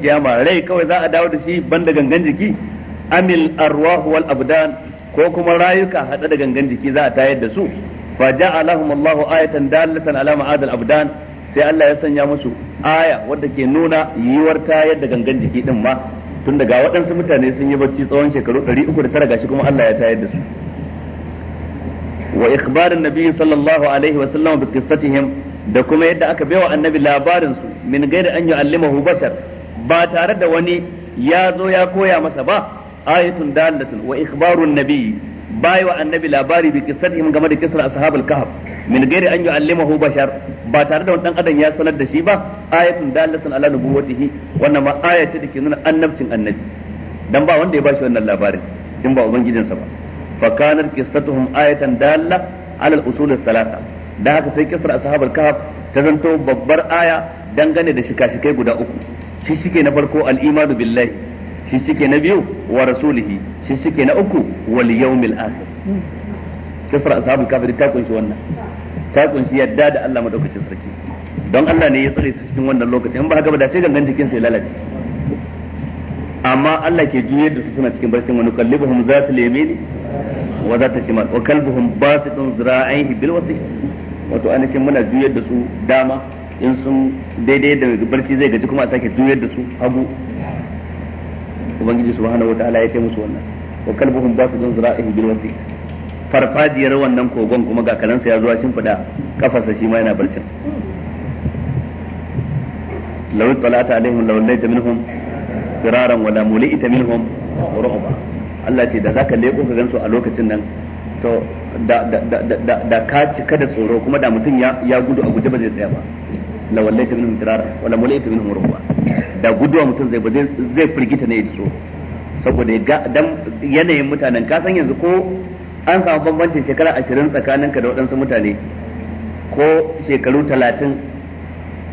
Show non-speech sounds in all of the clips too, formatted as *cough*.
kiyama rai kawai za a dawo da shi ban da gangan jiki amil arwahu wal abdan ko kuma rayuka hada da gangan jiki za a tayar da su fa ja'alahum Allahu ayatan dalatan ala ma'ad al abdan sai Allah ya sanya musu aya wadda ke nuna yiwuwar tayar da gangan jiki din ma tun daga waɗansu mutane sun yi bacci tsawon shekaru 309 gashi kuma Allah ya tayar da su wa ikhbarin nabi sallallahu alaihi wa sallam bi qissatihim da kuma yadda aka bai wa annabi labarin su min gaida an yu'allimahu bashar ba tare da wani ya zo ya koya masa ba ayatun dalatun wa ikhbarun nabi bai wa annabi labari bi qissatihim game da kisar ashabul kahf min gairi an yu'allimahu bashar ba tare da wani dan adam ya sanar da shi ba ayatun dalatun ala nubuwatihi wannan ma ayati ce dake nuna annabcin annabi dan ba wanda ya bashi wannan labarin din ba ubangijinsa ba fa kanat qissatuhum ayatan dalla ala al-usul thalatha da haka sai kisar ashabul kahf ta zanto babbar aya dangane da shika-shikai guda uku shi suke na farko al'imanu billahi shi suke na biyu wa rasulihi shi suke na uku wal yawmil akhir kisra ashabul kafir ta kunshi wannan ta kunshi yadda da Allah madaukakin sarki don Allah ne ya tsare su cikin wannan lokaci in ba haka ba da sai gangan jikin sai lalace amma Allah ke juyar da su suna cikin barcin wani kallibuhum za su wa za ta shimal wa kalbuhum basitun zira'ihi bil wasi wato anashin muna juyar da su dama in sun daidai da barci zai gaji kuma a sake juyar da su hagu ubangiji subhanahu ta'ala ya kai musu wannan wa kalbuhum basitun zira'ihi bil wadi farfajiyar wannan kogon kuma ga kalansa ya zuwa shin fada kafarsa shi ma yana barcin law talata alaihim law laita minhum firaran wala mulita minhum ru'ba Allah ce da zaka leko ka gansu a lokacin nan to da da da da ka cika da tsoro kuma da mutum ya ya gudu a guje ba zai tsaya ba la wallaita minhum dirara wala mulaita minhum ruwa da guduwa mutum zai ba zai firgita ne ya tsoro saboda dan yanayin mutanen ka san yanzu ko an samu bambancin shekara ashirin ka da waɗansu mutane ko shekaru talatin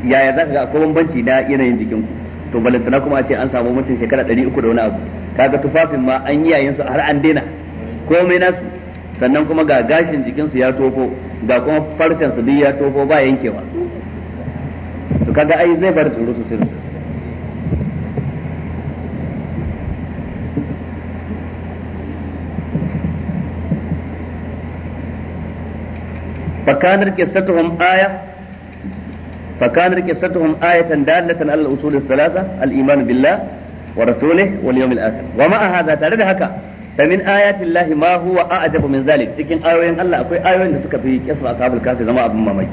yaya za ka ga akwai bambanci na yanayin jikin ku to balantana kuma a ce an samu mutum shekara ɗari uku da wani abu kaga tufafin ma an yi yayin su har an daina komai nasu sannan kuma ga gashin jikinsu ya tofo ga kuma farcen su duk ya tofo ba yankewa kaga ai zai bar tsoro su tsoro فكانت قصتهم آية فكانت قصتهم آية دالة على الأصول الثلاثة الإيمان بالله ورسوله واليوم الآخر ومع هذا ترد هكا فمن آيات الله ما هو أعجب من ذلك تكين آيوين الله أكوي آيوين دسك في كسر أصحاب الكهف زما أبو مامي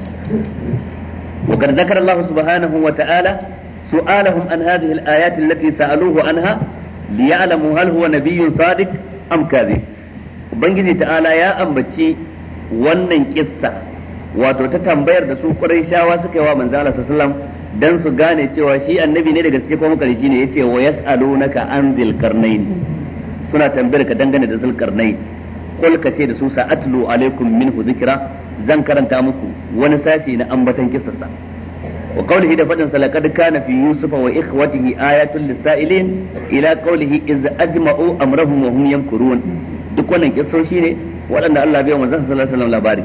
وقد ذكر الله سبحانه وتعالى سؤالهم عن هذه الآيات التي سألوه عنها ليعلموا هل هو نبي صادق أم كاذب ubangiji ta'ala ya ambaci wannan kissa wato ta tambayar da su shawa suka yi wa manzo Allah sallallahu dan su gane cewa shi annabi ne daga cikin ko makarici ne yace wa yas'alunaka an zil qarnain suna tambayar ka dangane da zil qarnain kul da su sa atlu alaikum minhu dhikra zan karanta muku wani sashi na ambatan kisarsa wa qawlihi da fadin salakad kana fi yusufa wa ikhwatihi ayatul lisailin ila qawlihi iz ajma'u amrahum wa hum yankurun duk wannan kisoshi ne waɗanda Allah bai manzon sallallahu alaihi wasallam labari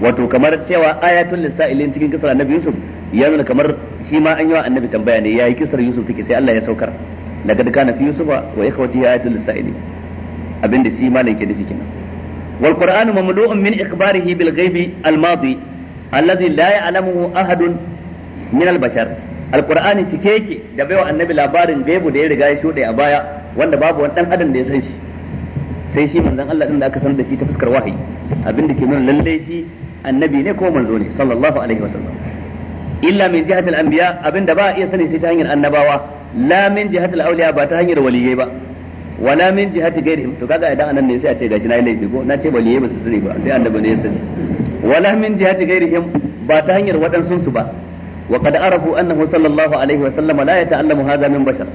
wato kamar cewa ayatul lisailin cikin kisar annabi yusuf ya nuna kamar shi ma an yi wa annabi tambaya ne yayi kisar yusuf take sai Allah ya saukar laqad kana fi yusufa wa ikhwatihi ayatul lisailin abinda shi malam ke nufi kenan والقرآن مملوء من إخباره بالغيب الماضي الذي لا يعلمه أحد من البشر القرآن تكيكي دبيو النبي لابارن غيب دي رغاية شوطي أبايا وان بابو وان أدن دي سنشي sai shi manzon Allah din da aka san da shi ta fuskar wahayi abin da ke nuna lalle shi annabi ne ko manzo ne sallallahu alaihi wasallam illa min jihatil anbiya abin da ba a iya sani sai ta hanyar annabawa la min jihatil ba ta hanyar waliyai ba wala min jihati ghairihim to kaga idan anan ne sai a ce gashi nayi laifi ko na ce ba liye ba su sani ba sai annabi ne ya sani wala min jihati ghairihim ba ta hanyar waɗansu su ba wa kad arafu annahu sallallahu alaihi wa sallam la yata'allamu hadha min bashar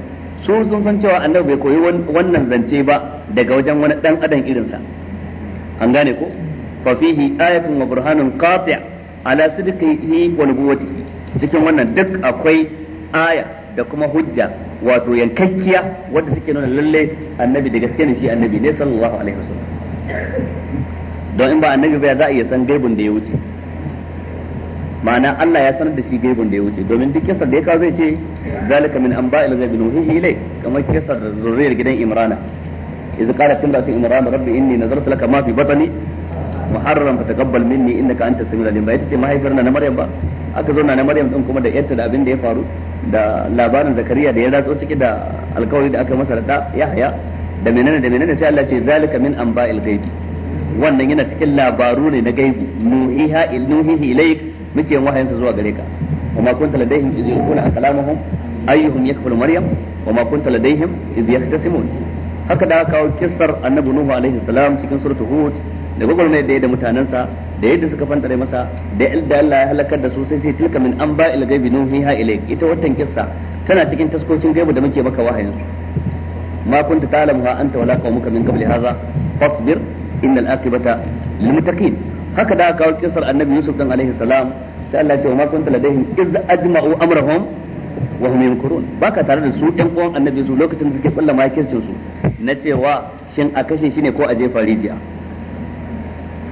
su sun san cewa annabi bai koyi wannan zance ba daga wajen wani dan adam irinsa an gane ko fa fihi ayatun wa burhanun qati' ala sidqihi wa nubuwwatihi cikin wannan duk akwai aya da kuma hujja wato yankakkiya wadda suke nuna lalle annabi da gaske ne shi annabi ne sallallahu alaihi wasallam don in ba annabi ba za a iya san gaibun da ya wuce ma'ana Allah ya sanar da shi gaibun da ya wuce domin duk kisar da ya kawo zai ce zalika min anba'il ghaibi nuhihi ilai kamar kisar zurriyar gidan Imrana idza qalat imratu imrana rabbi inni nazartu laka ma fi batni muharram fataqabbal minni innaka antas samiul alim ba ita ce mahaifiyar na Maryam ba aka zo na Maryam din kuma da yarta da abin da ya faru da labarin zakariya da ya ratso ciki da alkawari da aka masa da haya da menene da menene sai Allah ce zalika min anba'il ghaibi wannan yana cikin labaru ne na gaibi nuhiha ilnuhihi ilaik muke wahayin sa zuwa gare ka kuma kunta ladaihim iz yulquna kalamuhum ayyuhum yakfulu maryam wama kunta ladaihim iz yahtasimun haka da kawo kissar annabi nuhu alaihi salam cikin suratul hud da gwagwarmayar da ya da mutanensa da yadda suka fantare masa da yadda Allah ya halakar da su sai sai tilka min an ba ila gaibi nuhiha ilayk ita wannan kissa tana cikin taskokin gaibu da muke maka wahayin ma kunta ha anta wala qaumuka min qabli hadha fasbir innal aqibata lil haka da kawo kissar annabi Yusuf dan alaihi salam sai Allah ya ce ma kunta ladaihim iz ajma'u amrahum wa hum yunkurun baka tare da su dan uwan annabi su lokacin da suke kullama kircin su na cewa shin a kashe shi ne ko a jefa rijiya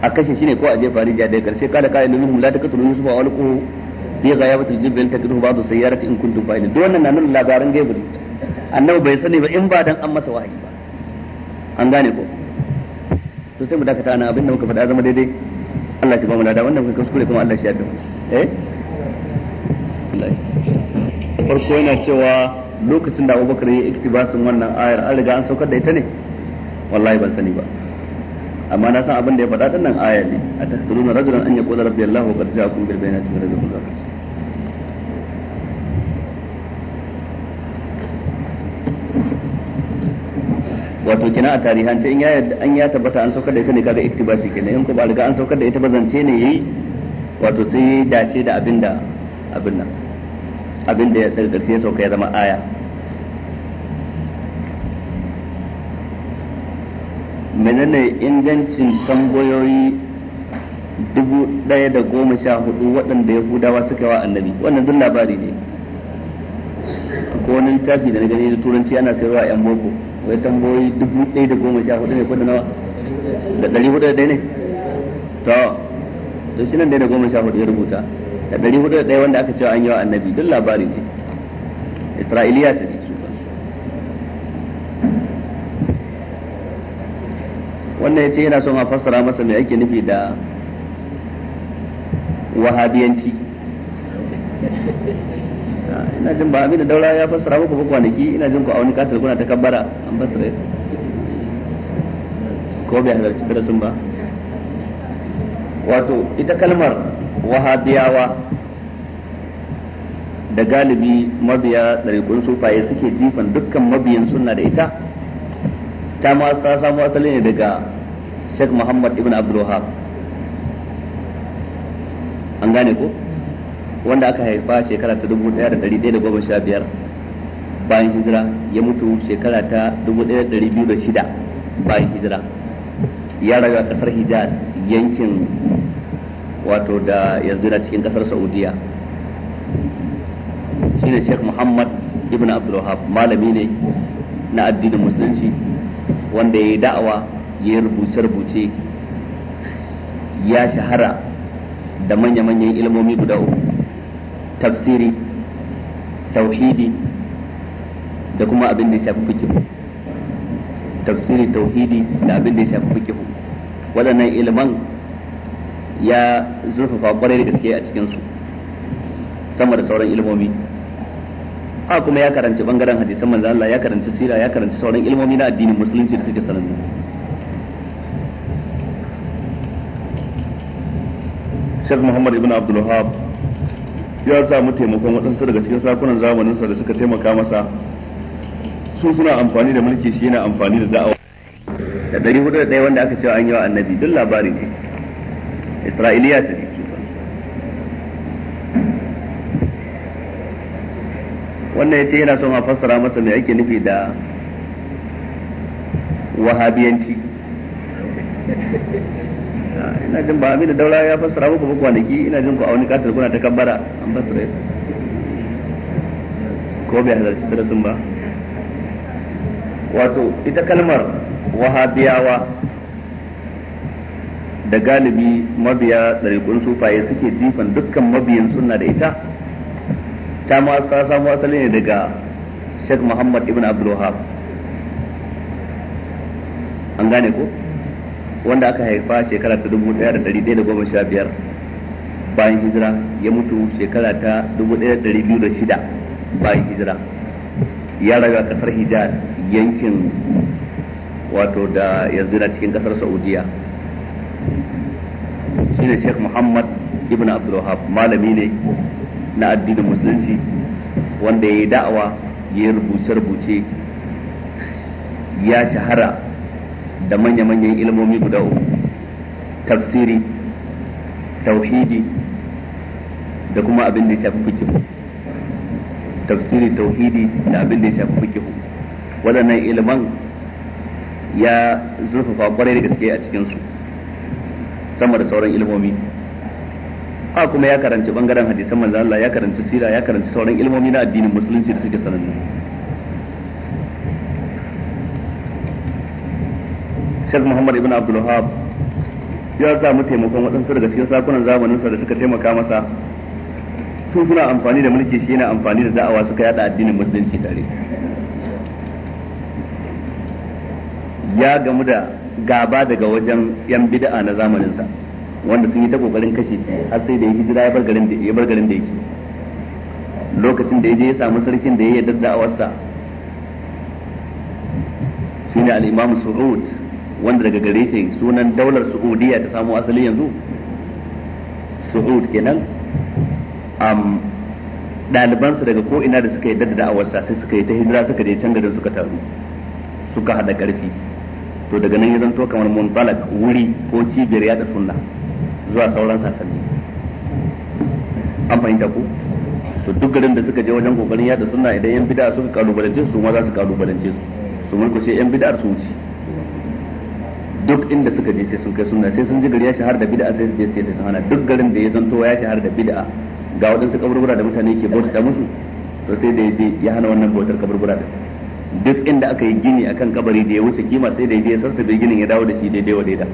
a kashe shi ne ko a jefa rijiya da karshe kala kala na minhum la taqtulu yusuf wa alquhu fi ghayabatil jibbil taqidu ba'du sayyarati in kuntum fa'ilin duk wannan na nuna labaran gaibu annabi bai sani ba in ba dan an masa wahayi ba an gane ko to sai mu dakata ana abin da muka faɗa zama daidai Allah shi ba mu lada wannan kai kuskure kuma Allah shi ya fi eh farko yana cewa lokacin da Abubakar ya iktibasin wannan ayar an riga an saukar da ita ne wallahi ban sani ba amma na san abin da ya faɗa din nan aya ne a tahtununa rajulan an yaqula rabbi allah wa qad ja'akum bil bayinati min rabbikum wato kina a tarihance in ya an ya tabbata an saukar da ita ne kaga iktibasi kenan in ko ba riga an saukar da ita ba zance ne yayi wato sai dace da abinda abin nan abinda ya daga ya sauka ya zama aya menene ingancin tambayoyi dubu ɗaya da goma sha hudu waɗanda yahudawa suka wa annabi wannan duk labari ne ko wani littafi da na gani da turanci ana sayarwa yan boko wai tambayoyi dubu ɗaya da goma sha hudu ne ko da nawa da ɗari hudu da ɗaya ne to to shi nan da goma sha hudu ya rubuta da ɗari hudu da ɗaya wanda aka cewa an yi wa annabi duk labari ne isra'iliya su ne wannan ya ce yana son a fassara masa me ake nufi da wahabiyanci ah, ina jin ba abin da daura ya fassara muku ba kwanaki ina jin ku a wani kasar kuna ta kabbara an fassara ko bai halarci sun ba wato ita kalmar wahabiyawa da galibi mabiya ɗariƙun sufaye suke jifan dukkan mabiyan suna da ita ta ma samu asali ne daga Sheikh Muhammad ibn Abdul Wahab an gane ko wanda aka haifa shekara ta 1115 bayan hijira ya mutu shekara ta 1206 bayan hijira ya rayu a kasar Hijaz yankin wato da yanzu na cikin kasar Saudiya shine Sheikh Muhammad ibn Abdul Wahab malami ne na addinin musulunci wanda ya yi da'awa ya rubuce-rubuce ya shahara da manya-manyan ilmomi guda uku tafsiri tauhidi da kuma abin da ya shafi fikihu tafsiri tauhidi da abin da ya shafi fikihu waɗannan ilman ya zurfafa kwarai da gaske a cikinsu sama da sauran ilmomi a kuma ya karanci bangaren hadisan manzo Allah ya karanci sira ya karanci sauran ilmomi na addinin musulunci da suke sanannu Sheikh Muhammad ibn Abdul Wahab ya samu taimakon waɗansu daga cikin sakunan zamaninsa da suka taimaka masa su suna amfani da mulki shi yana amfani da da'awa da ɗari hudu da ɗaya wanda aka cewa an yi wa annabi duk labari ne isra'iliya su ne wannan ya ce yana so ma fassara masa mai ake nufi da wahabiyanci ina jin ba da Daura ya fassara muku ba kwanaki ina jin ku a wani kasar kuna ta kabbara an fassara ko bai halarci darasin ba wato ita kalmar wahabiyawa da galibi mabiya ɗariƙun sufaye suke jifan dukkan mabiyan sunna da ita ta ma sa samu asali ne daga Sheikh Muhammad ibn Abdul Wahab an gane ko wanda aka haifa shekara ta dubu ɗaya da ɗari ɗaya da goma sha biyar bayan hijira ya mutu shekara ta dubu ɗaya da ɗari biyu da shida bayan hijira ya raga a ƙasar hija yankin wato da yanzu na cikin ƙasar saudiya ne sheikh muhammad ibn abdulwahab malami ne na addinin musulunci wanda ya yi da'awa ya yi rubuce-rubuce ya shahara da manya-manyan ilmomi guda uku tafsiri tauhidi da kuma abin da ya shafi fikihu tafsiri tauhidi da abin da ya shafi fikihu waɗannan ilman ya zurfafa kwarai da gaske a cikinsu sama da sauran ilmomi a kuma ya karanci bangaren hadisan manzan Allah ya karanci sira ya karanci sauran ilmomi na addinin musulunci da suke sanannu Sheikh Muhammad ibn Abdul Wahab ya samu taimakon waɗansu daga cikin sakunan zamaninsa da suka taimaka masa su suna amfani da mulki shi yana amfani da da'awa suka yada addinin musulunci tare ya gamu da gaba daga wajen yan bid'a na zamaninsa wanda sun yi ta kokarin kashe shi har sai da ya hijira ya bar garin da ya bar garin da yake lokacin da ya je ya samu sarkin da ya yarda da'awarsa shine al-Imam Su'ud wanda daga gare shi sunan daular Saudiya ta samu asali yanzu Saud kenan um, su daga ko ina da suka yi da da'awarsa sai suka yi ta hijira suka je can garin suka taru suka haɗa ƙarfi to daga nan ya zanto kamar muntalak wuri ko cibiyar yada sunna zuwa sauran sasanni an fahimta ku to duk garin da suka je wajen kokarin yada sunna idan yan bid'a suka kalubalance su ma za su kalubalance su su mulkushe yan bida su wuce duk inda suka je sai sun kai sunna sai sun ji gari ya shahar da bid'a sai su je sai sun hana duk garin da ya zanto ya shahar da bid'a ga waɗansu kaburbura da mutane ke bauta musu to sai da ya je ya hana wannan bautar kaburbura da duk inda aka yi gini akan kabari da ya wuce kima sai da ya je ya da ginin ya dawo da shi daidai wa daida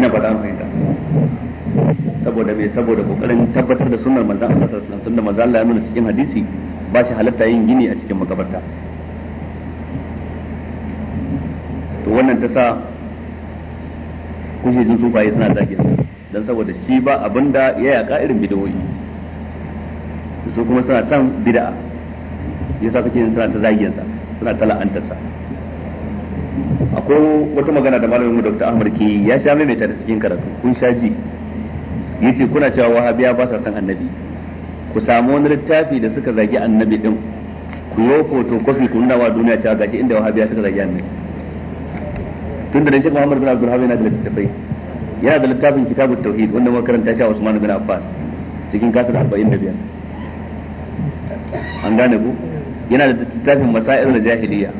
ina fata an fahimta saboda me saboda kokarin tabbatar da sunnar manzon Allah sallallahu alaihi wasallam tunda manzon Allah ya nuna cikin hadisi ba shi halatta yin gini a cikin makabarta wannan ta sa kuke jin sufaye suna zagin su don saboda shi ba da ya yaka irin bidiyoyi su kuma suna son ya yasa kake suna ta zagin sa suna ta la'antarsa akwai wata magana da malamin mu Dr. Ahmad ke ya sha maimaita ta cikin karatu kun sha ji Ya ce kuna cewa wahabiya ba sa son annabi ku samu wani littafi da suka zagi annabi din ku yi fotokofi ku nuna wa duniya cewa gashi inda wahabiya suka zagi annabi tun da shi Muhammad bin Abdul Wahhab yana da littattafai yana da littafin kitabu Tauhid wanda muka karanta shi a Usman bin Affan cikin kasar 45 an gane ku yana da littafin Masail jahiliya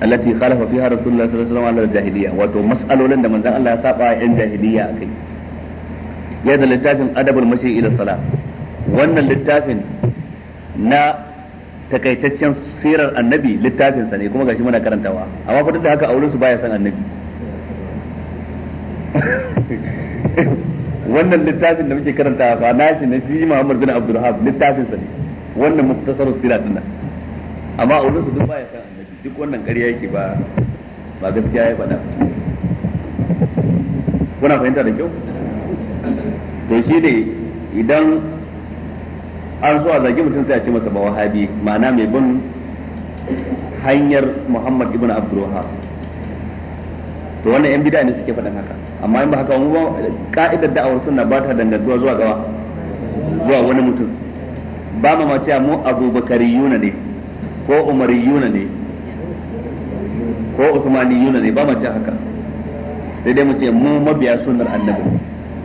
allati khalafa fiha Rasulullah sallallahu alaihi wasallam al-jahiliya wato mas'alolin da manzon Allah ya saba yan jahiliya akai yana da littafin Adabul Mashi ila salat wannan littafin na takaitaccen sirar annabi littafinsa ne kuma gashi muna karantawa amma fa duk da haka auren su baya san annabi *laughs* wannan littafin da muke karantawa fa nashi ne shi Muhammad bin Abdul Wahab littafinsa ne wannan muktasarus sirar din amma auren su duk baya san annabi duk wannan ƙarya yake ba ba gaskiya ya faɗa kuna fahimta da kyau to shi ne idan an so a zagi mutum sai a ce masa ba wahabi ma'ana mai bin hanyar Muhammad ibn Abdurrahman to wannan yan bid'a ne suke faɗin haka amma in ba haka mu ba ka'idar da'awar sunna ba ta dangantuwa zuwa gawa zuwa wani mutum ba ma mace mu yuna ne ko umariyuna ne ko yuna ne ba mu ce haka sai dai mu ce mu mabiya sunnar annabi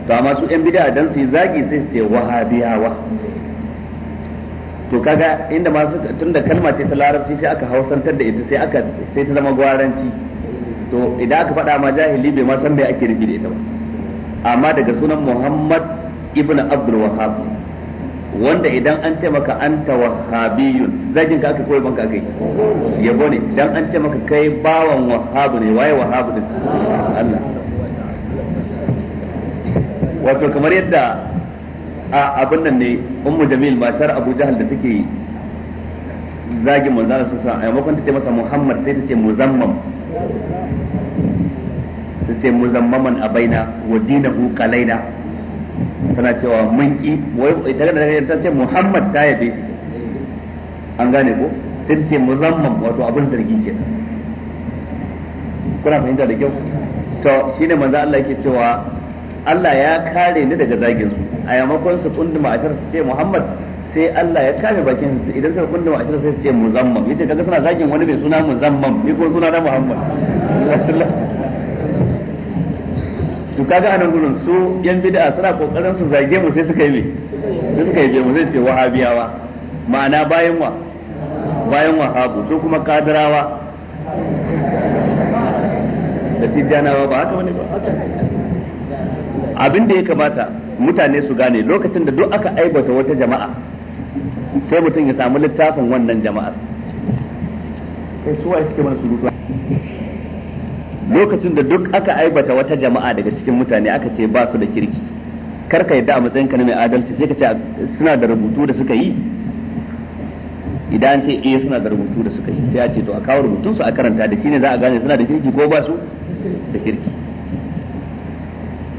to amma su yan bid'a dan su yi zagi sai su ce wahabiyawa to kaga inda masu tunda kalma ce ta larabci sai aka hausantar da ita sai aka sai ta zama gwaranci to idan aka faɗa ma jahili bai ma san me ake nufi da ita ba amma daga sunan Muhammad ibn Abdul Wahhab wanda idan an ce maka anta wahhabiyun zakin ka aka koyi maka kai yabo ne idan an ce maka kai bawan wahhab ne waye wahhab din Allah wato kamar yadda a abin nan ne ummu jamil matar abu jahal da take zagi manzo sun sallallahu a wasallam ta ce masa muhammad sai ta ce muzammam ta ce muzammaman a baina wa dinahu qalaina tana cewa mun ki wai ita da ta ce muhammad ta yabe shi an gane ko sai ta ce muzammam wato abin zargi ke kuna fahimta da kyau to shine manzo Allah yake cewa Allah ya kare ni daga zagin su a yamakon su kunduma a su ce Muhammad sai Allah ya kame bakin su idan su kunduma a sai su ce muzammam yace kaga suna zagin wani mai suna muzammam ni ko suna na Muhammad to kaga anan gurin su yan bid'a suna kokarin su zage mu sai suka yi me sai suka yi mu sai ce wahabiyawa ma'ana bayan wa bayan wahabu su kuma kadirawa da tijjanawa ba haka wani ba abin da ya kamata mutane su gane lokacin da duk aka aibata wata jama'a sai mutum ya samu littafin wannan jama'ar kai suke mana lokacin da duk aka aibata wata jama'a daga cikin mutane aka ce ba su da kirki kar ka yadda a matsayin ka na mai adalci sai ka ce suna da rubutu da suka yi idan ce eh suna da rubutu da suka yi sai a ce to a kawo rubutun su a karanta da shine za a gane suna da kirki ko ba su da kirki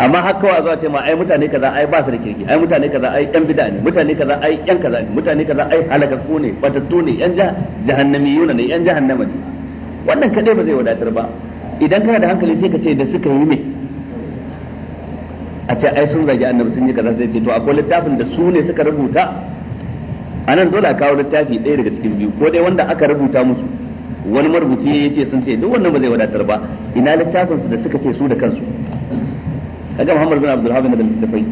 amma har kawai zuwa ce ma ai mutane kaza ai ba su da kirki ai mutane kaza ai yan bid'a ne mutane kaza ai yan kaza ne mutane kaza ai halakakku ne batattu ne yan yuna ne yan jahannama ne wannan kadai ba zai wadatar ba idan kana da hankali sai ka ce da suka yi ne a ce ai sun zagi annabi sun yi kaza sai ce to akwai littafin da su ne suka rubuta anan dole a kawo littafi ɗaya daga cikin biyu ko dai wanda aka rubuta musu wani marubuci ya ce sun ce duk wannan ba zai wadatar ba ina littafin su da suka ce su da kansu kaga Muhammad bin Abdul Hamid da tafai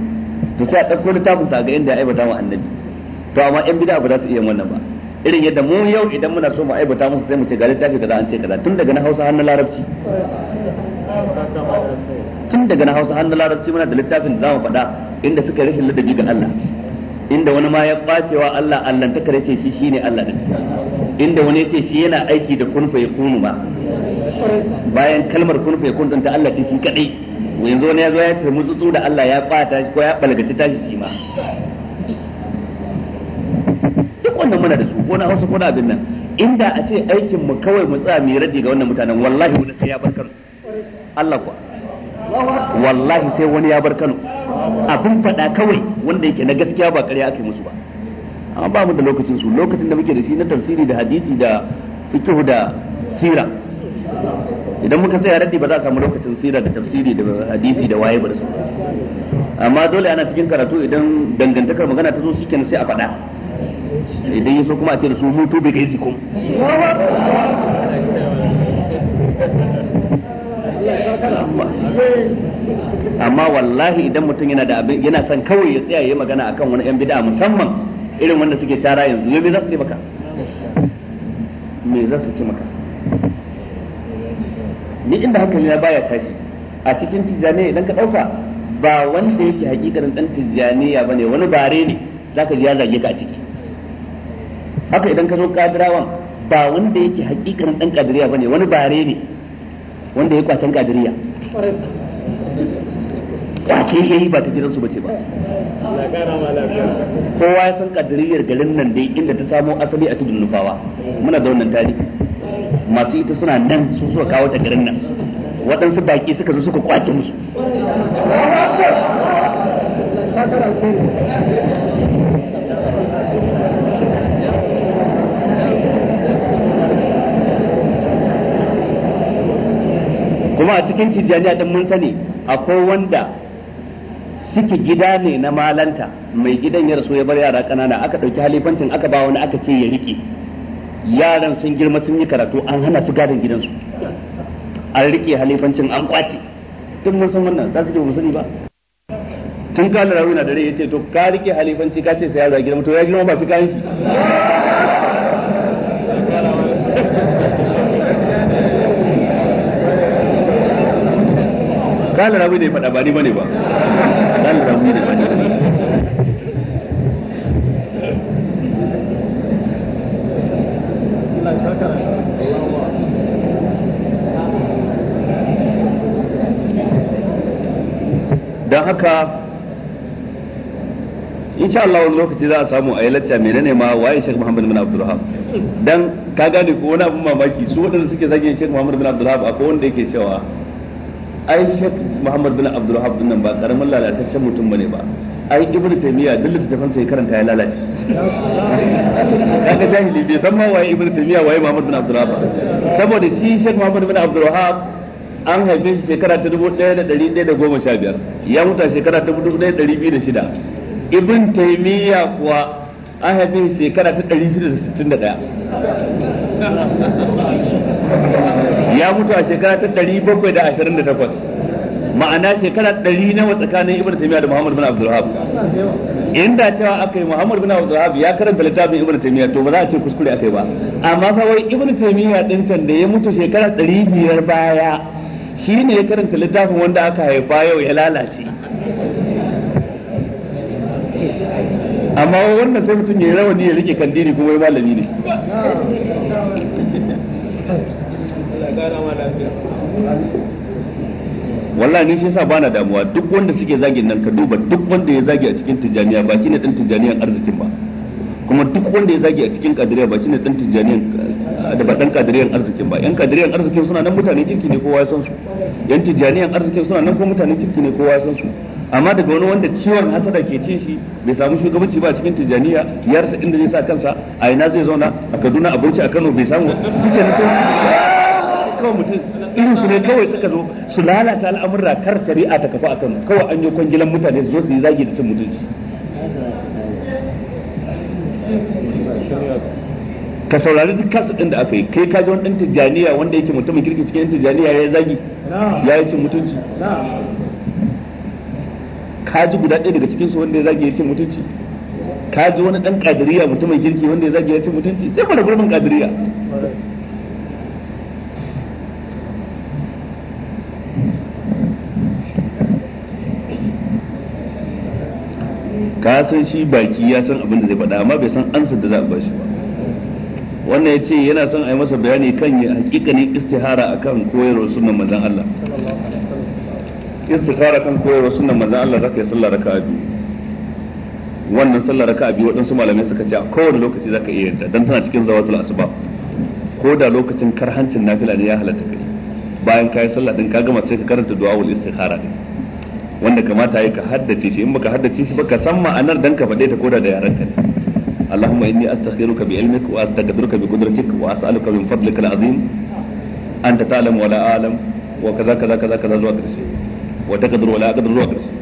to sai a dauko littafin ta ga inda ya aibata mu annabi to amma yan bid'a ba za su iya wannan ba irin yadda mu yau idan muna so mu aibata musu sai mu ce ga littafi kaza an ce kaza tun daga na Hausa har na Larabci tun daga na Hausa har na Larabci muna da littafin da za mu faɗa inda suka rashin ladabi ga Allah inda wani ma ya bacewa Allah Allah ta kare ce shi shine Allah din inda wani yace shi yana aiki da kun fa kunu ba bayan kalmar kun fa yakun din ta Allah ce shi kadai yanzu wani ya zo ya tarmi tsutsu da Allah ya kwata shi ko ya balgaci tashi shi ma duk wannan muna da su ko na hausa ko na abin nan inda a ce aikin mu kawai mu tsaya mu radi ga wannan mutanen wallahi wani sai ya bar Kano Allah kuwa wallahi sai wani ya bar Kano abin faɗa kawai wanda yake na gaskiya ba ƙarya ake musu ba amma ba mu da lokacin su lokacin da muke da shi na tafsiri da hadisi da fiqh da sira idan muka tsaya raddi ba za a samu lokacin sira da tafsiri da hadisi da waye ba da amma dole ana cikin karatu idan dangantakar magana ta zo shikenan sai a faɗa idan yaso kuma a ce da su mutu bai kai zikum amma wallahi idan mutum yana da abin yana son kawai ya tsaya yayi magana akan wani yan bid'a musamman irin wanda suke tara yanzu me za su ce maka me za su ce maka ni inda hankali na baya tashi a cikin tijjani idan ka dauka ba wanda yake hakikarin dan ya bane wani bare ne zaka ji ya zage ka a ciki haka idan ka zo kadirawan ba wanda yake hakikarin dan kadiriya bane wani bare ne wanda ya kwatan kadiriya kwace ya yi ba ta gidansu bace ba kowa ya san kadiriyar garin nan dai inda ta samo asali a tudun nufawa muna da wannan tarihi masu ita suna nan sun suka kawo ta garin nan waɗansu baki suka zo suka kwace musu kuma a cikin tijjaniya din mun sani akwai wanda suke gida ne na malanta mai gidan ya rasu ya bar yara ƙanana aka ɗauki halifancin aka ba wani aka ce ya riƙe yaran sun girma sun yi karatu an hana su gadon gidansu an rike halifancin an kwace tun mun san wannan za su ke mu sani ba tun ka da rawina da rai yace to ka rike halifanci ka ce sai yaro gidan to ya girma ba su kayan shi kala rawi ne faɗa ba ni bane ba kala rawi ne faɗa dan haka insha Allah wani lokaci za a samu a yi lacca mai nane ma waye Sheikh Muhammad bin Abdul Wahab dan ka gane ko wani abin mamaki su waɗanda suke zage Sheikh Muhammad bin Abdul Wahab akwai wanda yake cewa ai Sheikh Muhammad bin Abdul Wahab din nan ba karamin lalataccen mutum bane ba ai Ibn Taymiyyah duk littafin ya karanta ya lalace kaga jahili bai san ma waye Ibn Taymiyyah waye Muhammad bin Abdul Wahab saboda shi Sheikh Muhammad bin Abdul Wahab an haife shi shekara ta dubu ɗaya da ɗari ɗaya da goma sha biyar ya mutu shekara ta dubu ɗaya da ɗari biyu da shida ibn taimiyya kuwa an haife shi shekara ta ɗari shida da sittin da ɗaya ya mutu a shekara ta ɗari bakwai da ashirin da takwas ma'ana shekara ɗari nawa tsakanin ibn taimiyya da muhammad bin abdulhab inda cewa aka yi muhammad bin abdulhab ya karanta littafin ibn taimiyya to ba za a ce kuskure aka yi ba amma fa wai ibn taimiyya ɗin can da ya mutu shekara ɗari biyar baya shi ne ya karanta littafin wanda aka haifa yau ya lalace amma wannan sai mutum ya yi rawani ya rike kandini kuma ya malami ne wallahi ne shi yasa bana damuwa duk wanda suke zagin nan ka duba duk wanda ya zagi a cikin tijaniya ba shine dan tijaniyan arzikin ba kuma duk wanda ya zagi a cikin kadiriya ba shine dan tijaniyan da ba dan kadiriyar arzikin ba yan kadiriyar arzikin suna nan mutane kirki ne kowa san su yan tijaniyan arzikin suna nan ko mutane kirki ne kowa san su amma daga wani wanda ciwon hasada ke cin shi bai samu shugabanci ba a cikin tijaniya ya rasa inda zai sa kansa a ina zai zauna a Kaduna a a Kano bai samu shike ne kawai mutum irin su ne kawai suka zo su lalata al'amura kar shari'a ta kafa a Kano kawai an yi kwangilan mutane su zo su yi zagi da cin mutunci ka saurari duk kasu din da aka yi kai ka ji wani dan tijjaniya wanda yake mutumin kirki cikin tijjaniya ya zagi ya yi cin mutunci ka ji guda ɗaya daga cikinsu wanda ya zagi ya cin mutunci ka ji wani dan kadiriya mutumin kirki wanda ya zagi ya cin mutunci sai ku da gurbin ƙadiriya ka san shi baki ya san abin da zai faɗa amma bai san ansa da za a bashi ba wannan ya ce yana son a yi masa bayani kan ya hakikanin istihara a kan koyarwar sunan mazan Allah istihara kan koyarwar sunan mazan Allah za ka yi sallar raka'a biyu wannan sallar raka'a biyu waɗansu malamai suka ce a kowane lokaci za ka iya yadda don tana cikin zawatul asuba ko da lokacin karhancin nafila ne ya halatta kai bayan ka yi sallah din ka gama sai ka karanta du'awul istihara din wanda kamata ya ka haddace shi in baka haddace shi ba ka san ma'anar dan ka faɗe ta koda da yaran ne اللهم إني أستخيرك بعلمك وأستقدرك بقدرتك وأسألك من فضلك العظيم أنت تعلم ولا أعلم وكذا كذا كذا كذا زوا وتقدر ولا أقدر زوا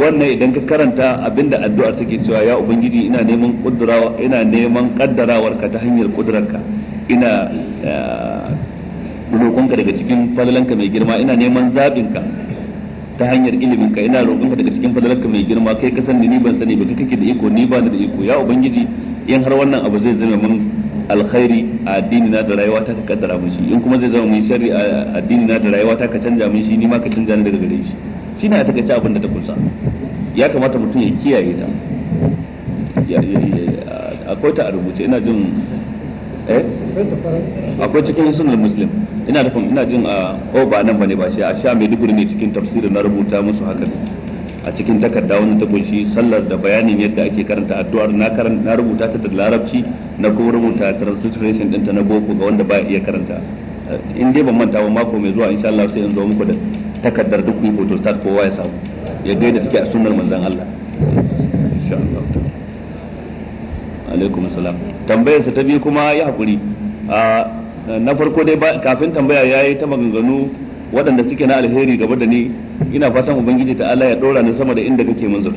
wannan idan ka karanta abinda addu'a take cewa ya ubangiji ina neman kudura ina neman ta hanyar kudurarka ina eh, roƙonka daga cikin falalanka mai girma ina neman ka ta hanyar ilimin ka ina ka daga cikin fadalarka mai girma kai ka sani ni ban sani ba kai kake da iko ni ba da iko ya ubangiji in har wannan abu zai zama mun alkhairi a addini na da rayuwa ta ka kaddara mun shi in kuma zai zama mun sharri a addini na da rayuwa ta ka canja mun shi ni ma ka canja ni daga gare shi shine a takaice abin da ta kunsa ya kamata mutum ya kiyaye ta akwai ta a rubuce ina jin Eh? akwai cikin sunan muslim ina da ina jin a ah, oba oh, nan bane ba shi a sha mai duguri ne cikin tafsirin na rubuta musu haka a cikin takarda wani ta kunshi sallar da bayanin yadda ake karanta addu'ar na karanta na rubuta ta da larabci na kuma rubuta transliteration ta na boko ga wanda ba iya karanta eh, in dai ban manta ba mako mai zuwa insha Allah sai in zo muku da takardar duk ku yi start kowa ya samu ya gaida take a sunnar manzon Allah insha Allah alaikum salam tambayar sa ta biyu kuma ya hakuri na farko dai kafin tambaya yayi ta maganganu waɗanda suke na alheri gaba da ni ina fatan ubangiji ta Allah ya dora ni sama da inda kake mun zato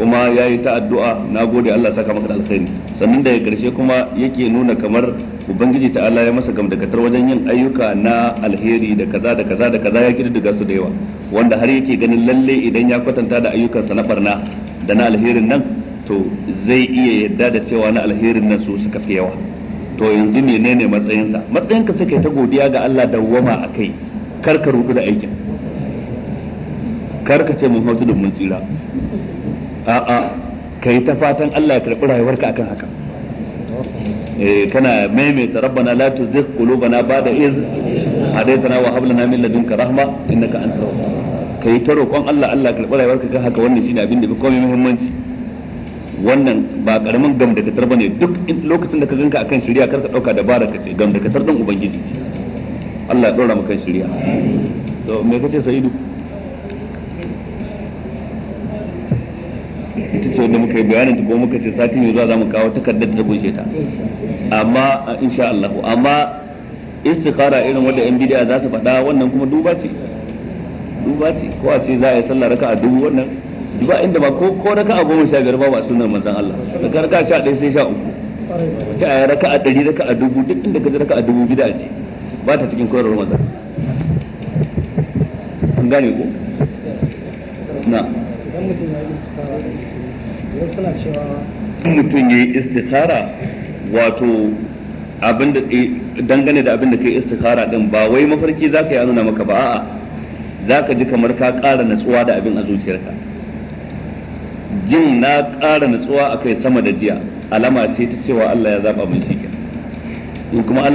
kuma yayi ta addu'a na gode Allah saka maka da alheri sannan da karshe kuma yake nuna kamar ubangiji ta Allah ya masa gamdakatar wajen yin ayyuka na alheri da kaza da kaza da kaza ya kididdiga su da yawa wanda har yake ganin lalle idan ya kwatanta da ayyukan sa na barna da na alherin nan to zai iya yadda da cewa na alherin nan su suka fi yawa to yanzu ne matsayinsa matsayinka sai kai ta godiya ga Allah da wama a kai kar ka rudu da aikin kar ka ce mun hautu da mun tsira a'a kai ta fatan Allah ya karɓi rayuwarka akan haka eh, kana maimaita rabbana la tuzigh qulubana ba'da iz hadaytana wa hab lana min ladunka rahma innaka antar kai ta roƙon Allah Allah karɓi rayuwarka kan haka wannan shine abin da fi komai muhimmanci wannan ba karamin gam da katar bane duk lokacin da ka ganka akan shari'a kar ka dauka dabara ka ce gam da katar dan ubangiji Allah ya dora maka shari'a to me kace sa'idu ita ce wanda muka yi bayanin ta kuma muka ce satin yau za mu kawo takardar da kunshe ta amma insha Allah amma istikhara irin wanda yan bid'a za su faɗa wannan kuma duba ce duba ce ko a ce za a yi sallah raka'a dubu wannan ba inda ba ko ko a goma sha biyar ba ba sunan manzon Allah daga raka sha ɗaya sai sha uku ta a ɗari a dubu duk inda ka ji a dubu bida ce ba ta cikin koyarwar manzon an gane ko na mutum ya yi istikhara wato eh, dangane da abin da ka yi istikhara din ba wai mafarki ka yi nuna maka ba a'a ka ji kamar ka ƙara natsuwa da abin a zuciyarka jin na ƙara nutsuwa akai sama da jiya alama ce ta cewa Allah ya zaba mun shi kuma